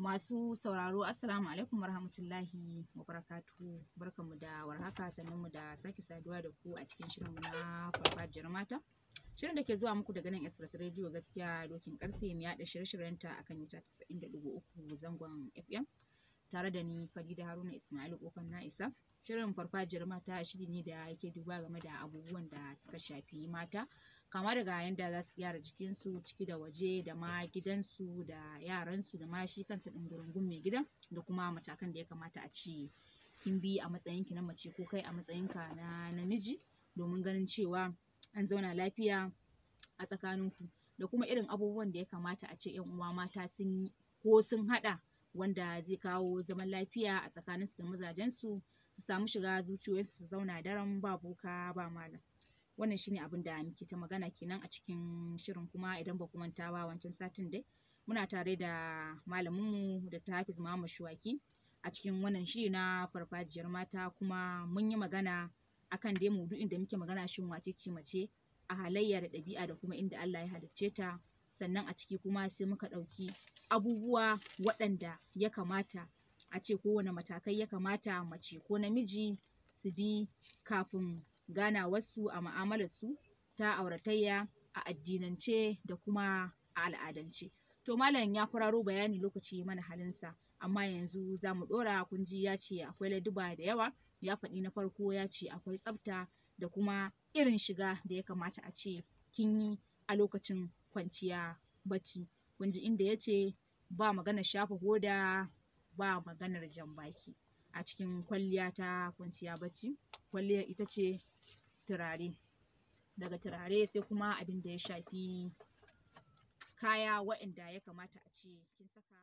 Masu sauraro Assalamu alaikum warahmatullahi wabarakatuh barkanmu da warhaka mu da sake saduwa da ku a cikin shirin na farfajiyar mata. Shirin da ke zuwa muku daga nan Express Radio gaskiya dokin karfe mu yaɗa shirye-shiryenta akan mita 90.3 zangon FM tare da ni Farida Haruna Ismail Kofan na isa. Shirin farfajiyar mata shiri ne da yake duba game da abubuwan da suka shafi mata kamar ga yanda za su gyara jikinsu ciki da waje da ma gidansu da yaransu da ma shi kansa ɗin mai gidan da kuma matakan da ya kamata a ci kin bi a ki na mace ko kai a matsayin ka na namiji domin ganin cewa an zauna lafiya a tsakaninku da kuma irin abubuwan da ya kamata a ce 'yan uwa mata sun ko sun hada wanda zai kawo zaman lafiya a tsakaninsu da mazajensu su samu shiga zuciyoyinsu su zauna daren ba boka ba malam wannan shine abin da muke ta magana kenan a cikin shirin kuma idan ba ku manta ba wancan satin dai muna tare da malaminmu da ta hafiz mama Shuwaki a cikin wannan shiri na farfajiyar mata kuma mun yi magana akan dai maudu'in da muke magana shin wace ce mace a halayya da ɗabi'a da kuma inda Allah ya halicce ta sannan a ciki kuma sai muka ɗauki abubuwa waɗanda ya kamata a ce kowane matakai ya kamata mace ko namiji su bi kafin Gana ganawarsu a mu'amalarsu ta auratayya a addinance da kuma a al'adance. To malam ya kwararo bayani lokaci mana halinsa amma yanzu za mu ɗora Kunji ji ya ce akwai laduba da yawa ya faɗi na farko ya ce akwai tsafta da kuma irin shiga da ya kamata a ce kin yi a lokacin kwanciya bacci. Kunji inda ya ce ba maganar shafa hoda ba maganar jan baki a cikin kwalliya ta kwanciya bacci. kwalliyar ita ce turare daga turare sai kuma abin da ya shafi kaya waɗanda ya kamata a ce kin saka